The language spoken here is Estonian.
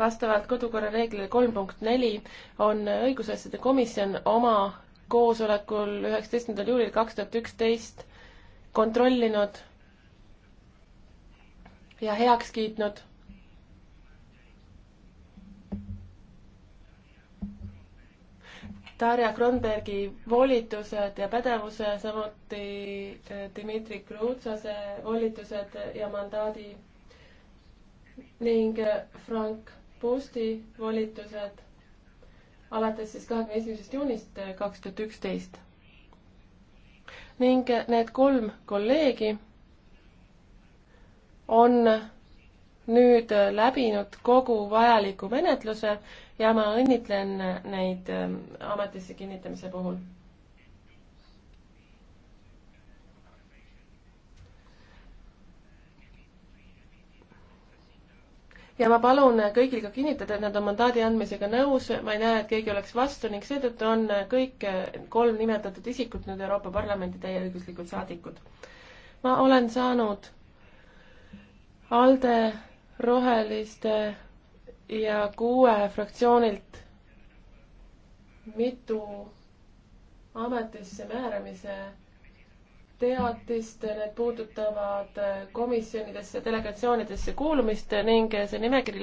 vastavalt kodukorra reeglile kolm punkt neli on õigusasjade komisjon oma koosolekul üheksateistkümnendal juulil kaks tuhat üksteist kontrollinud ja heaks kiitnud Darja Kronbergi volitused ja pädevuse, samuti äh, Dmitri Kruutsase volitused ja mandaadi ning äh, Frank postivolitused alates siis kahekümne esimesest juunist äh, kaks tuhat üksteist. ning äh, need kolm kolleegi on nüüd äh, läbinud kogu vajaliku menetluse ja ma õnnitlen neid ähm, ametisse kinnitamise puhul ja ma palun kõigil ka kinnitada, et nad on mandaadi andmisega nõus, ma ei näe, et keegi oleks vastu ning seetõttu on kõik kolm nimetatud isikut nüüd Euroopa Parlamendi täieõiguslikud saadikud. ma olen saanud ALDE, Roheliste ja kuue fraktsioonilt mitu ametisse määramise teatist, need puudutavad komisjonidesse, delegatsioonidesse kuulumist ning see nimekiri